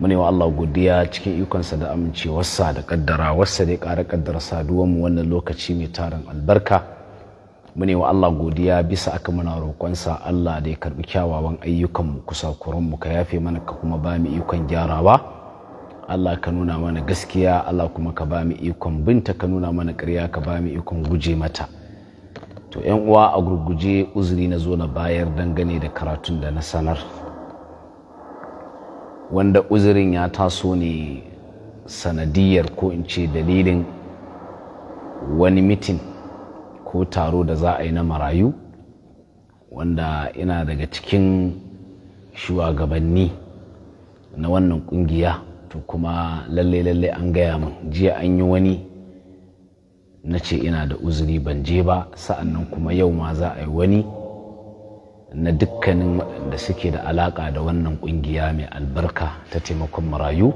mune wa Allah godiya cikin ikonsa da amincewarsa da kaddara wasa da ƙara kaddara saduwar mu wannan lokaci mai tarin albarka mune wa Allah godiya bisa aka muna roƙonsa Allah da ya karbi kyawawan ayyukan mu kusa kuranmu ka yafe mana ka kuma ba mu ikon gyarawa Allah ka nuna mana gaskiya Allah kuma ka ba mu ikon binta ka nuna mana ƙarya ka ba mu ikon guje mata to yan uwa a gurguje uzuri na zo na bayar dangane da karatun da na sanar wanda uzurin ya taso ne sanadiyar ko in ce dalilin wani mitin ko taro da za a yi na marayu wanda ina daga cikin shugabanni na wannan kungiya to kuma lalle lalle an gaya min jiya an yi wani na ce ina da uzuri ban je ba sa'annan kuma yau ma za a yi wani na dukkanin waɗanda suke da alaƙa da wannan ƙungiya mai albarka ta taimakon marayu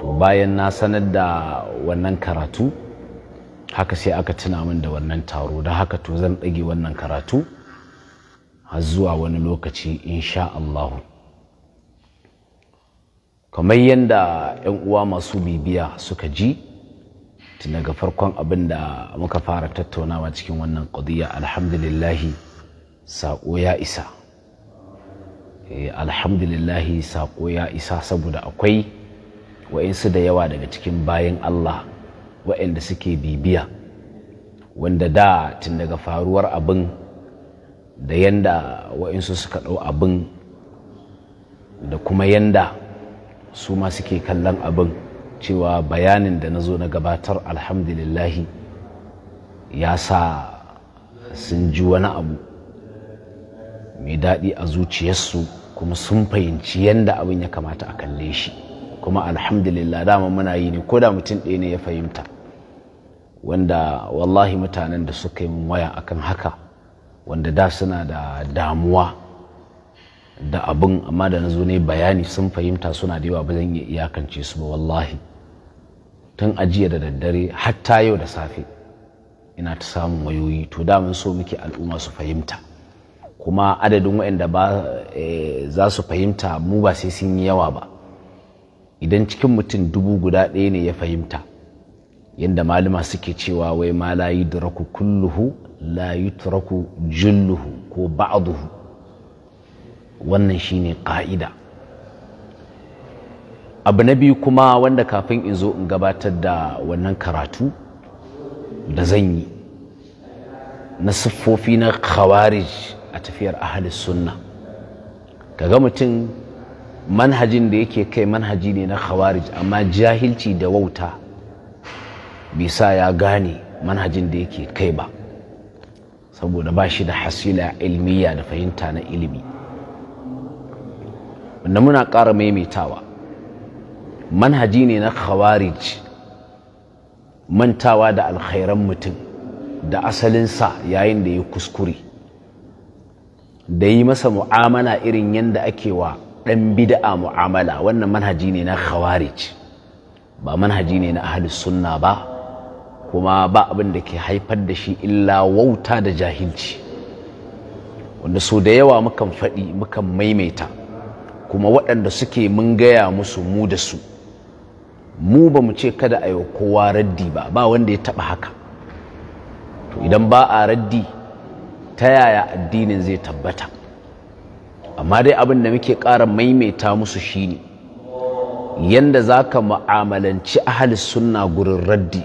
to bayan na sanar da wannan karatu haka sai aka tuna min da wannan taro da haka to zan ɗage wannan karatu har zuwa wani lokaci insha Allahu kamar yadda 'yan uwa masu bibiya suka ji tun daga farkon abin da muka fara tattaunawa cikin wannan ƙadiyya alhamdulillahi saƙo ya isa eh, alhamdulillahi saƙo ya isa saboda akwai wa'insu da yawa daga cikin bayan Allah wa'inda suke bibiya wanda da tun daga faruwar abin da yanda wa'insu suka ɗau abin da kuma yanda su ma suke kallon abin cewa bayanin da na zo na gabatar alhamdulillahi ya sa sun ji wani abu mai daɗi a zuciyarsu kuma sun fahimci yadda abin ya kamata a kalle shi kuma alhamdulillah dama muna yi ne ko da mutum ɗaya ne ya fahimta wanda wallahi mutanen da suka yi min waya akan haka wanda da suna da damuwa da abin amma da na zo ne bayani sun fahimta suna da yawa ba zan iya iyakance su ba wallahi tun ajiya da daddare hatta yau da safe ina ta samun wayoyi to da mun so muke al'umma su fahimta kuma adadin waɗanda ba eh, za su fahimta mu ba sai sun yi yawa ba idan cikin mutum dubu guda ɗaya ne ya fahimta yadda malama suke cewa wai ma la duraku kulluhu la turaku julluhu ko ba'aduhu wannan shi ne ƙa'ida abu na biyu kuma wanda kafin in zo in gabatar da wannan karatu da zan yi na siffofi na khawarij a tafiyar ahalis sunna kaga mutum manhajin da yake kai manhaji ne na khawarij amma jahilci da wauta bisa ya gane manhajin da yake kai ba saboda ba shi da hasila ilmiya da fahimta na ilimi wanda muna ƙara maimaitawa manhaji ne na khawarij mantawa da alkhairan mutum da asalinsa yayin da ya kuskure da yi masa mu'amala irin yadda ake wa ɗan bida'a mu'amala wannan manhaji ne na khawarij ba manhaji ne na ahlus sunna ba kuma ba abin da ke haifar da shi illa wauta da jahilci wanda so da yawa mukan faɗi mukan maimaita kuma waɗanda suke mun gaya musu mu da su mu ba mu ce kada a yi kowa raddi ba ba wanda ya taɓa haka idan ba a raddi ta yaya addinin zai tabbata amma dai abin da muke ƙara maimaita musu shine yanda za ka ma'amalanci ahalis sunna gurin raddi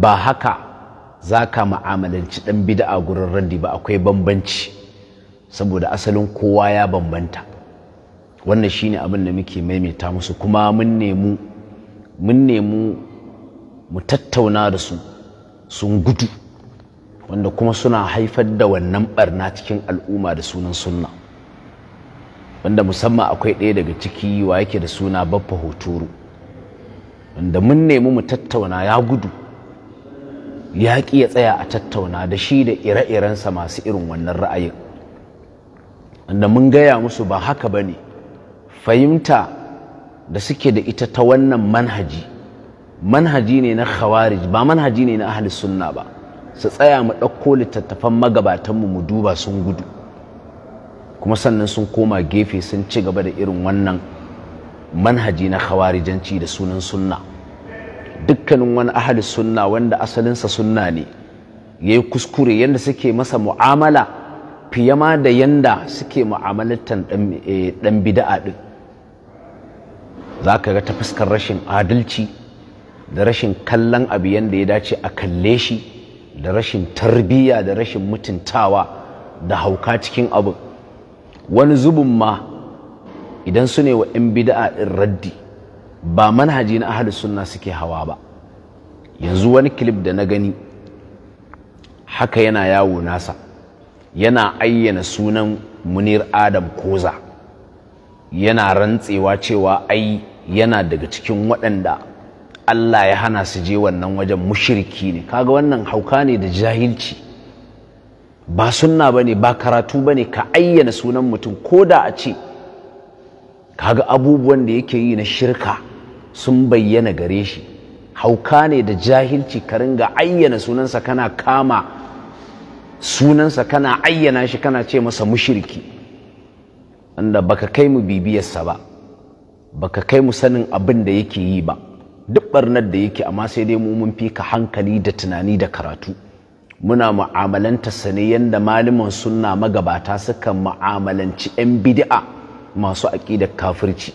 ba haka za ka ma'amalanci ɗan bida'a gurin raddi ba akwai bambanci saboda asalin kowa ya bambanta wannan shine abin da muke maimaita musu kuma mun nemu mun nemu mu tattauna da su sun gudu wanda kuma suna haifar da wannan barna cikin al'umma da sunan sunna wanda musamman akwai ɗaya daga ciki wa yake da suna baffa hotoro wanda mun nemi mu tattauna ya gudu ya ƙi ya tsaya a tattauna da shi da ire-irensa masu irin wannan ra'ayin wanda mun gaya musu ba haka ba ne fahimta da suke da ita ta wannan manhaji manhaji ne na khawarij ba manhaji ne na ahli sunna ba su tsaya mu ɗauko littattafan magabatanmu mu duba sun gudu kuma sannan sun koma gefe sun ci gaba da irin wannan manhaji na khawarijanci da sunan sunna dukkanin wani ahli sunna wanda asalinsa sunna ne ya yi kuskure yadda suke masa mu'amala fiye ma da yanda suke mu'amalatan eh, ɗan bida'a ɗin za ka ga ta fuskar rashin adalci da rashin kallon abu yadda ya dace a kalle shi da rashin tarbiyya da rashin mutuntawa da hauka cikin abu. wani zubin ma idan su ne wa 'yan bida'a in raddi ba manhaji na ahalus sunna suke hawa ba yanzu wani kilif da na gani haka yana yawo nasa yana ayyana sunan munir adam koza yana rantsewa cewa ai yana daga cikin waɗanda Allah ya hana su je wannan wajen mushirki ne kaga wannan hauka ne da jahilci ba sunna bane ba karatu bane ka ayyana sunan mutum ko da a ce kaga abubuwan da yake yi na shirka sun bayyana gare shi hauka ne da jahilci ka ringa ayyana sunansa kana kama sunansa kana ayyana shi kana ce masa mushirki wanda baka kai mu bibiyarsa ba baka kai mu sanin abin da yake yi ba duk barnar da yake amma sai dai mu mun fika hankali da tunani da karatu muna mu'amalanta sa ne yanda malaman sunna magabata suka mu'amalanci 'yan bid'a masu aƙidar kafirci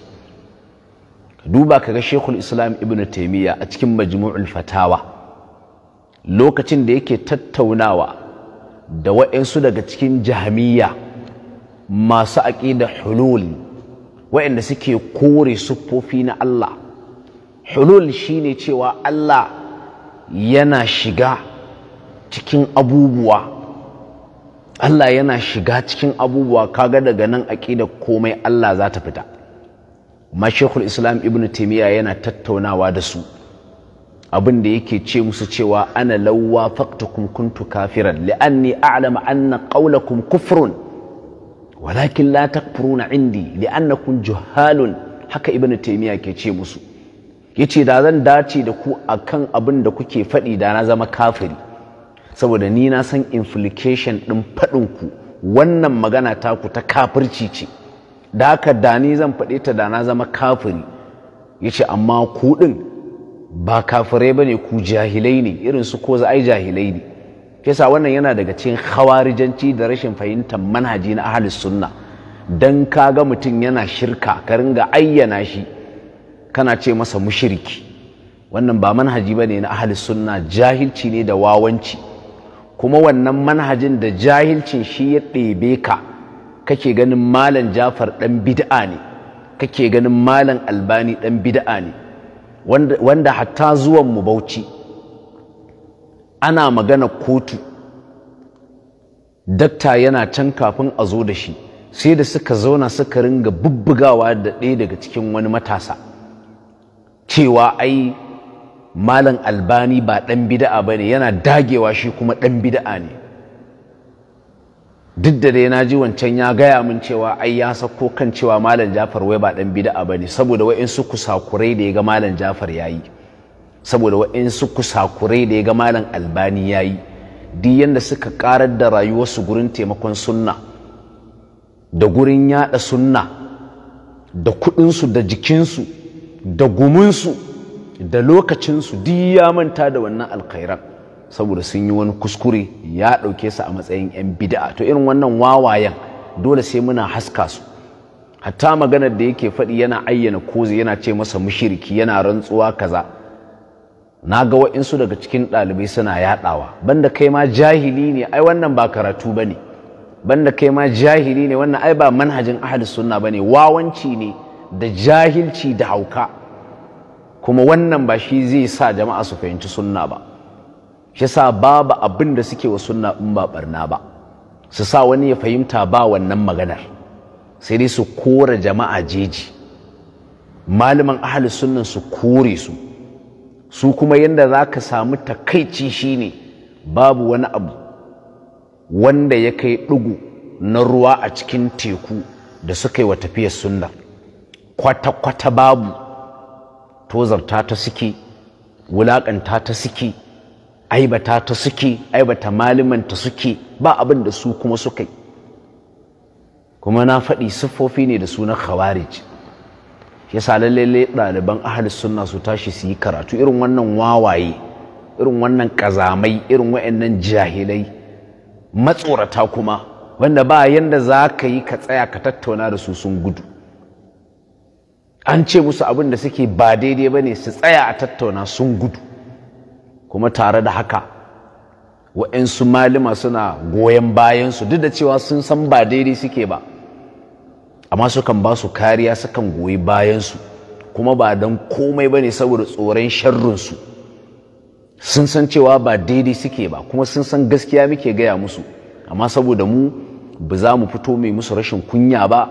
duba kaga shekul islam ibn taimiyya a cikin majmu'ul fatawa lokacin da yake tattaunawa da wa'insu daga cikin jahmiya masu aƙidar hulul wa'inda suke kore siffofi na Allah hulul shine cewa Allah yana shiga cikin abubuwa Allah yana shiga cikin abubuwa kaga daga nan aqidar komai Allah za ta fita ma Islam Ibn Taymiya yana tattaunawa da su abin da yake ce musu cewa ana lawa faqtukum kuntu kafiran li'anni a'lamu anna qawlakum kufrun walakin la takfuruna indi li'annakum juhalun haka Ibn Taymiya ke ce musu Ya ce da zan dace da ku a kan abin da kuke faɗi da na zama kafiri saboda ni na san implication ɗin faɗinku, wannan magana taku ta kafirci ce da haka da ni zan faɗe ta da na zama kafiri Ya ce amma ku ɗin ba kafirai bane ku jahilai ne irin su ko za a yi jahilai ne kesa wannan yana daga cikin hawarijanci da rashin fahimtar manhaji na ahlus sunna dan ga mutum yana shirka ka ringa ayyana shi kana ce masa mushiriki wannan ba manhaji ba ne na ahli sunna jahilci ne da wawanci kuma wannan manhajin da jahilcin shi ya ɗebe ka kake ganin malam jafar ɗan bid'a ne kake ganin malam albani ɗan bid'a ne wanda hatta zuwan mu bauchi ana magana kotu dakta yana can kafin a zo da shi sai da suka zauna suka ringa bubbugawa da ɗaya daga cikin wani matasa cewa ai malam albani ba ɗan bida'a bane yana dagewa shi kuma ɗan bida'a ne duk da dai na ji wancan ya gaya min cewa ai ya sako kan cewa malam jafar wai ba ɗan bida'a ba ne saboda wa'insu kusakurai da ya ga malam jafar ya yi saboda wa'insu kusakurai da ya ga malam albani ya yi duk yadda suka karar da rayuwarsu gurin taimakon sunna da gurin yada sunna da kuɗinsu da jikinsu da gumunsu da lokacinsu duk ya manta da wannan alkhairan saboda sun yi wani kuskure ya ɗauke su a matsayin 'yan bida'a to irin wannan wawayen dole sai muna haska su hatta maganar da yake faɗi yana ayyana kozi yana ce masa mushiriki yana rantsuwa kaza na ga wa'insu daga cikin ɗalibai suna yaɗawa banda kai ma jahili ne ai wannan ba karatu ba ne banda kai ma jahili ne wannan ai ba manhajin ahli sunna ba ne wawanci ne da jahilci da hauka kuma wannan ba shi zai sa jama'a su fahimci sunna ba shi sa babu abin da suke wa sunna in ba barna ba su sa wani ya fahimta ba wannan maganar sai dai su kora jama'a jeji malaman ahli sunnan su kore su su kuma yanda za ka samu takaici shine babu wani abu wanda ya kai ɗugu na ruwa a cikin teku da suka yi wa tafiyar sunnar kwata-kwata babu tozarta ta suke wulaƙanta ta suke aibata ta suke aibata malimanta suke ba abin da su kuma suka yi kuma na faɗi siffofi ne da sunan khawarij ya sa lalle ɗaliban ahli sunna su tashi su yi karatu irin wannan wawaye irin wannan ƙazamai irin wa'annan jahilai matsorata kuma wanda ba yanda za ka yi ka tsaya ka tattauna da su sun gudu an ce musu abin da suke ba daidai ba ne su tsaya a tattauna sun gudu kuma tare da haka wa'yansu malima suna goyon bayansu duk da cewa sun san ba daidai suke ba amma sukan ba su kariya sukan goyi bayansu kuma ba don komai ba ne saboda tsoron sharrinsu sun san cewa ba daidai suke ba kuma sun san gaskiya muke gaya musu amma saboda mu ba za mu fito mai musu rashin kunya ba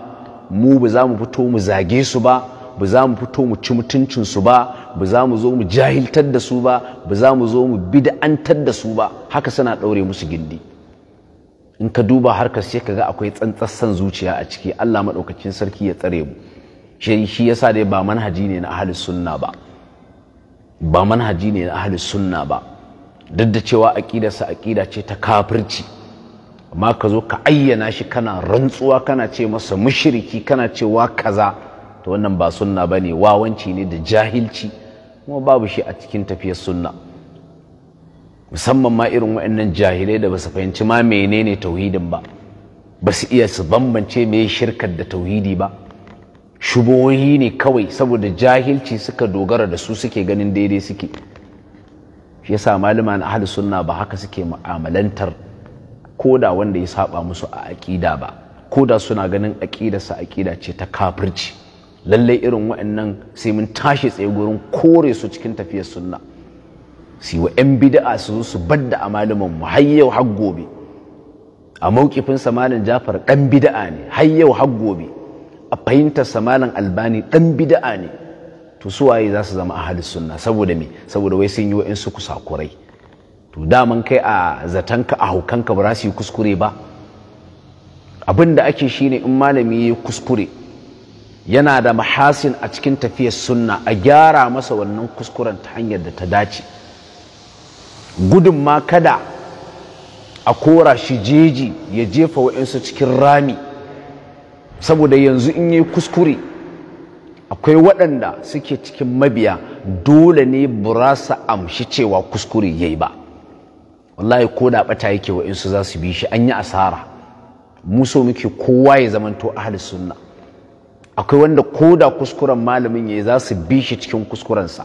mu ba za mu fito mu zage su ba ba za mu fito mu ci mutuncinsu ba ba za mu zo mu jahiltar da su ba ba za mu zo mu bid'antar da su ba haka suna ɗaure musu gindi in ka duba harkar sai ka ga akwai tsantsassan zuciya a ciki Allah maɗaukacin sarki ya tsare mu shi yasa dai ba manhaji ne na ahlus sunna ba ba manhaji ne na ahlus sunna ba duk da cewa aƙidarsa aƙida ce ta kafirci amma ka zo ka ayyana shi kana rantsuwa kana ce masa mushriki kana cewa kaza to wannan ba sunna ba ne wawanci ne da jahilci kuma babu shi a cikin tafiyar sunna musamman ma irin waɗannan jahilai da ba su fahimci ma menene tauhidin ba ba su iya su bambance mai shirkar da tauhidi ba shubohi ne kawai saboda jahilci suka dogara da su suke ganin daidai suke shi yasa malama na ahli sunna ba haka suke mu'amalantar koda wanda ya saba musu a aƙida ba koda suna ganin aƙidarsa aƙida ce ta kafirci lallai irin wa'annan sai mun tashi tsaye gurin kore su cikin tafiyar sunna si wa 'yan bida'a su su badda da malamin mu har yau har a mauƙifin samalin jafar ɗan bida'a ne har yau har a fahimtar samalin albani ɗan bida'a ne to su waye za su zama ahalus sunna saboda me saboda wai sun yi wa'insu kusakurai to daman kai a zatanka a haukanka ba za su yi kuskure ba abin da ake shine in malami ya yi kuskure yana da mahasin a cikin tafiyar sunna a gyara masa wannan kuskuren ta hanyar da ta dace gudun ma kada a kora shi jeji ya jefa wa'insu cikin rami saboda yanzu in yi kuskure akwai waɗanda suke cikin mabiya dole ne burasa amshi cewa kuskure ya yi ba wallahi ko da ɓata yake wa'insu za su bi shi an yi asara muso muke kowa ya zamanto ahli sunna akwai wanda ko da kuskuren malamin ya yi za su bi shi cikin kuskurensa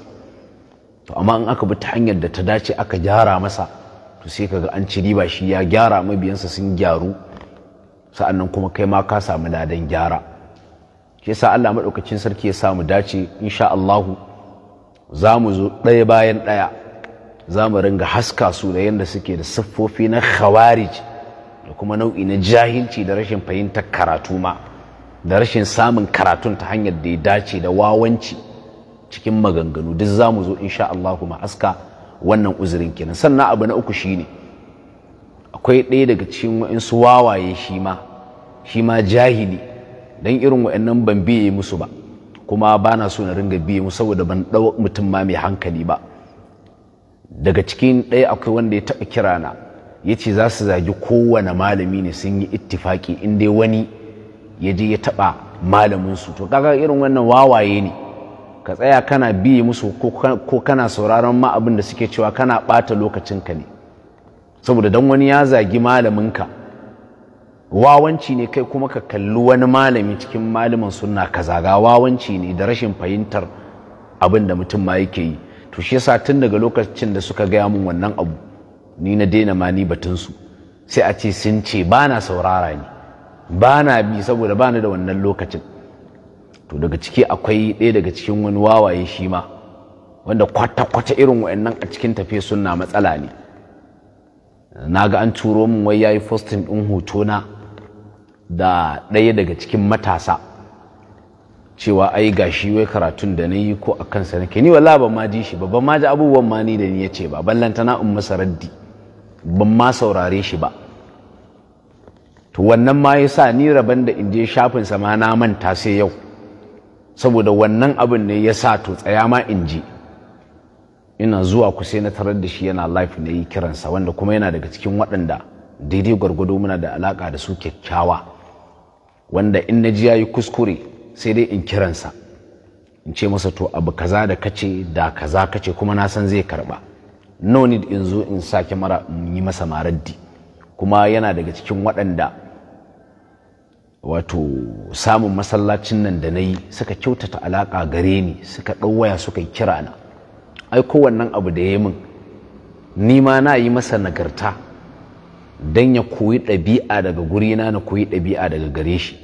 to amma in aka bi ta hanyar da ta dace aka gyara masa to sai kaga an ci riba shi ya gyara mabiyansa sun gyaru sa'annan kuma kai ma ka samu ladan gyara shi sa Allah maɗaukacin sarki ya samu dace insha Allah za mu zo ɗaya bayan ɗaya za mu ringa haska su da yadda suke da siffofi na khawarij da kuma nau'i na jahilci da rashin fahimtar karatu ma da rashin samun karatun ta hanyar da ya dace da wawanci cikin maganganu duk za mu zo insha ma aska wannan uzurin kenan sannan abu na uku shine akwai ɗaya daga cikin wa'insu wawaye shi ma shi ma jahili don irin wa'annan ban biye musu ba kuma ba na so na ringa biye musu saboda ban ɗau mutum ma mai hankali ba daga cikin ɗaya akwai wanda ya taɓa kirana ya ce za su zagi kowane malami ne sun yi ittifaki in dai wani ya je ya taɓa malaminsu to kaga irin wannan wawaye ne ka tsaya kana biye musu ko kana sauraron ma abin da suke cewa kana ɓata ka ne saboda don wani ya zagi malaminka wawanci ne kai kuma ka kalli wani malami cikin malamin suna ka zaga wawanci ne da rashin fahimtar abin da mutum ma yake yi to shi yasa tun daga lokacin da suka gaya min wannan abu ni na daina ma ni batunsu sai a ce sun ce bana saurara ne ba na bi saboda ba da wannan lokacin to daga ciki akwai ɗaya daga cikin wani wawaye shi ma wanda kwata-kwata irin wa'annan a cikin tafe suna matsala ne na ga an turo min wai ya yi fostin ɗin hotona da ɗaya daga cikin matasa cewa ai ga shi wai karatun da na yi ko a kansa nake ni wala ban ma ji shi ba ban ma ji abubuwan ma ni da ni ya ce ba lantana in masa raddi ban ma saurare shi ba to wannan ma ya sa ni rabanda da in je shafin sama na manta sai yau saboda wannan abin ne ya sa to tsaya ma in ji ina zuwa ku sai na tarar da shi yana life na yi kiransa wanda kuma yana daga cikin waɗanda daidai gwargwado muna da alaƙa da su kyakkyawa wanda in na ji ya yi kuskure sai dai in kiransa in ce masa to abu kaza da kace da kaza kace kuma na san zai karba no need in zo in sake mara in yi masa maraddi kuma yana daga cikin waɗanda wato samun masallacin nan da na yi suka kyautata alaƙa gare ni suka ɗauwaya suka yi kira na ai kowannen abu da ya yi min ni ma na yi masa nagarta don ya koyi ɗabi'a daga gurina na koyi ɗabi'a daga gare shi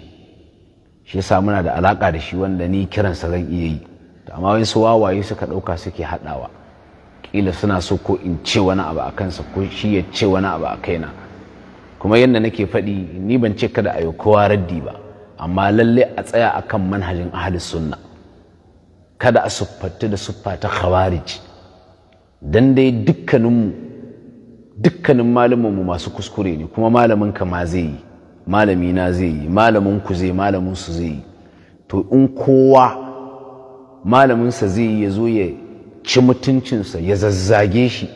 shi yasa muna da alaƙa da shi wanda ni kiransa zan iya yi amma wani su wawaye suka ɗauka suke haɗawa ƙila suna so ko in ce wani abu a kansa ko shi ya ce wani abu a kaina kuma yadda nake faɗi ni ban ce kada a yi kowa raddi ba amma lalle a tsaya a kan manhajin ahalis sunna kada a siffatu da siffa ta khawarij dan dai dukkaninmu dukkanin malamanmu masu kuskure ne kuma malamin ka ma zai yi malami na zai yi malamin ku zai malamin su zai yi to in kowa malaminsa zai yi ya zo ya ci mutuncinsa ya zazzage shi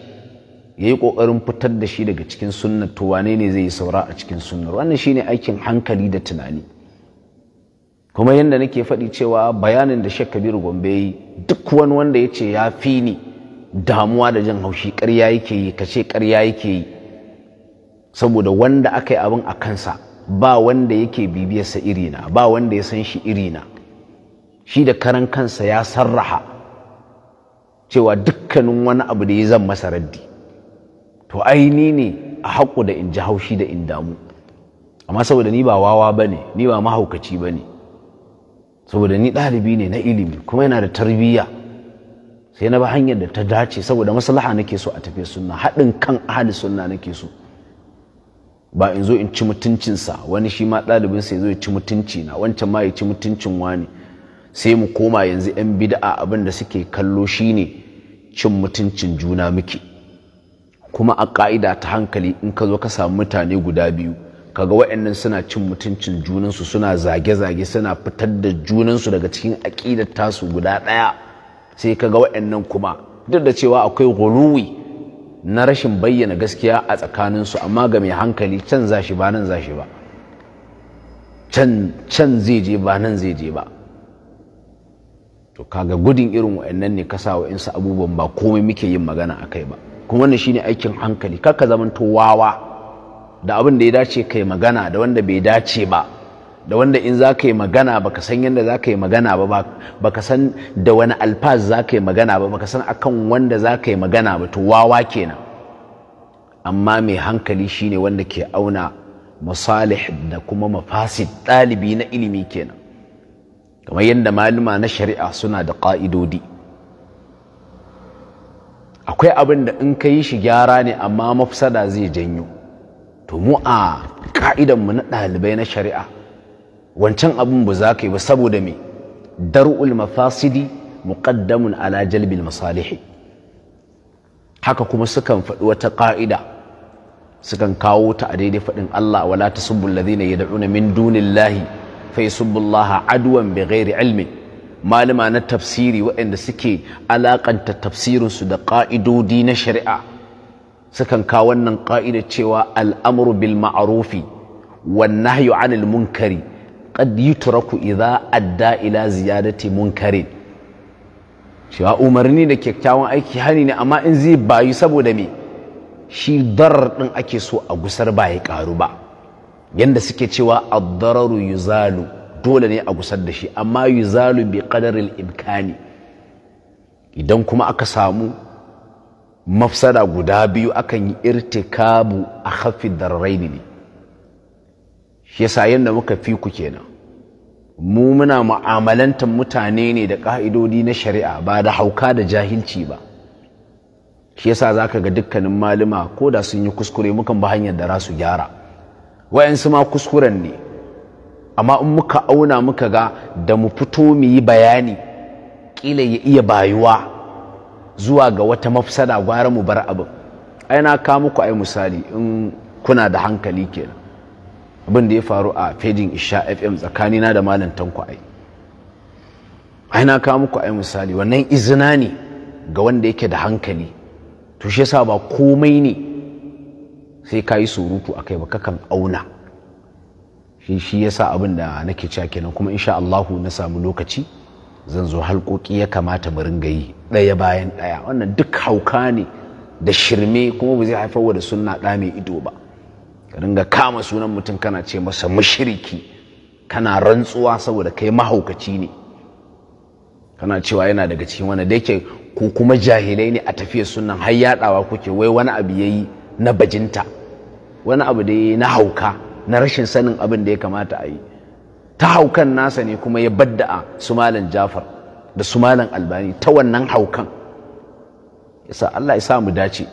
ya yi ƙoƙarin fitar da shi daga cikin sunnar to wane ne zai yi saura a cikin sunnar wannan shi ne aikin hankali da tunani kuma yadda nake faɗi cewa bayanin da shek kabiru gombe yi duk wani wanda ya ce ya fi ni damuwa da jin haushi ƙarya yake yi ka kace ƙarya yake yi saboda wanda aka yi abin a kansa ba wanda yake bibiyarsa irina ba wanda ya san shi irina shi da karan kansa ya sarraha cewa dukkanin wani abu da ya zan masa raddi to ai ni ne a haƙo da in ji haushi da in damu amma saboda ni ba wawa ba ne ni ba mahaukaci ba ne saboda ni ɗalibi ne na ilimi kuma yana da tarbiyya sai na ba hanyar da ta dace saboda maslaha nake so a tafiya sunna haɗin kan ahli sunna nake so ba in zo in ci mutuncinsa wani shi ma ɗalibinsa ya zo ya ci mutunci na wancan ma ya ci mutuncin wani sai mu koma yanzu 'yan bida'a abin da suke kallo shine cin mutuncin juna muke kuma a ƙa'ida ta hankali in ka zo ka samu mutane guda biyu kaga wa'annan suna cin mutuncin junansu suna zage-zage suna fitar da junansu daga cikin aƙidar tasu guda ɗaya sai kaga wa'annan kuma duk da cewa akwai guruwi na rashin bayyana gaskiya a tsakaninsu amma ga mai hankali can za shi ba nan za shi ba can zai je ba nan zai je ba to kaga gudun irin wa'annan ne kasa wa'insu abubuwan ba komai muke yin magana akai ba kuma wannan shine aikin hankali kaka zamanto wawa da abin da ya dace kai magana da wanda bai dace ba da wanda in za ka yi magana baka san yadda za ka yi magana ba baka san da wani alfaz za ka yi magana ba baka san akan wanda za ka yi magana ba to wawa kenan amma mai hankali shine wanda ke auna masalih da kuma mafasid ɗalibi na ilimi kenan kamar yadda maluma na shari'a suna da ƙa'idodi akwai abin da in ka yi shi gyara ne amma mafsada zai janyo to mu a ka'idanmu na ɗalibai na shari'a wancan abin ba za ka yi ba saboda me dar'ul mafasidi muqaddamun ala jalbil masalihi haka kuma sukan faɗi wata ƙa'ida sukan kawo ta a daidai faɗin Allah wala tasubbu alladhina yad'una min dunillahi fa yasubbu Allah adwan bighairi ilmin malama na tafsiri waɗanda suke alaƙanta tafsirinsu da ƙa'idodi na shari'a sukan kawo wannan ƙa'idar cewa al'amru bil ma'arufi wan nahyu anil munkari qad yutraku idza adda ila ziyadati munkarin cewa umarni da kyakkyawan aiki hani ne amma in zai bayu saboda me shi darar ɗin ake so a gusar ba ya ƙaru ba yanda suke cewa ad-dararu yuzalu dole ne a gusar da shi amma yuzalu bi kadarin imkani idan kuma aka samu mafsada guda biyu akan yi irtikabu a hafi darraini ne shi yasa yadda muka fi ku kenan mu muna mu'amalantar mutane ne da ƙa'idodi na shari'a ba da hauka da jahilci ba shi yasa za ka ga dukkanin malama ko da sun yi kuskure mukan ba hanyar da za su gyara wayansu ma kuskuren ne amma in muka auna muka ga da mu fito mu yi bayani kila ya iya bayuwa zuwa ga wata mafsada gwara mu bar abin ai na ka muku ai misali in kuna da hankali kenan abin da ya faru a fedin isha fm tsakanina da malam tanku ai ai na ka muku ai misali wannan izina ne ga wanda yake da hankali to shi yasa ba komai ne sai ka yi surutu kai ba kakan auna shi shi yasa abin da nake cewa kenan kuma insha Allahu na samu lokaci zan zo halƙoƙi ya kamata mu ringa yi ɗaya bayan ɗaya wannan duk hauka ne da shirme kuma ba zai haifar da sunna ɗa mai ido ba ka ringa kama sunan mutum kana ce masa mushriki kana rantsuwa saboda kai mahaukaci ne kana cewa yana daga cikin wani da yake ko kuma jahilai ne a tafiyar sunan har yaɗawa kuke wai wani abu yayi na bajinta wani abu da yayi na hauka na rashin sanin abin da ya kamata a yi ta haukan nasa ne kuma ya badda'a su sumalan jafar da Sumalan albani ta wannan haukan yasa Allah ya sa mu dace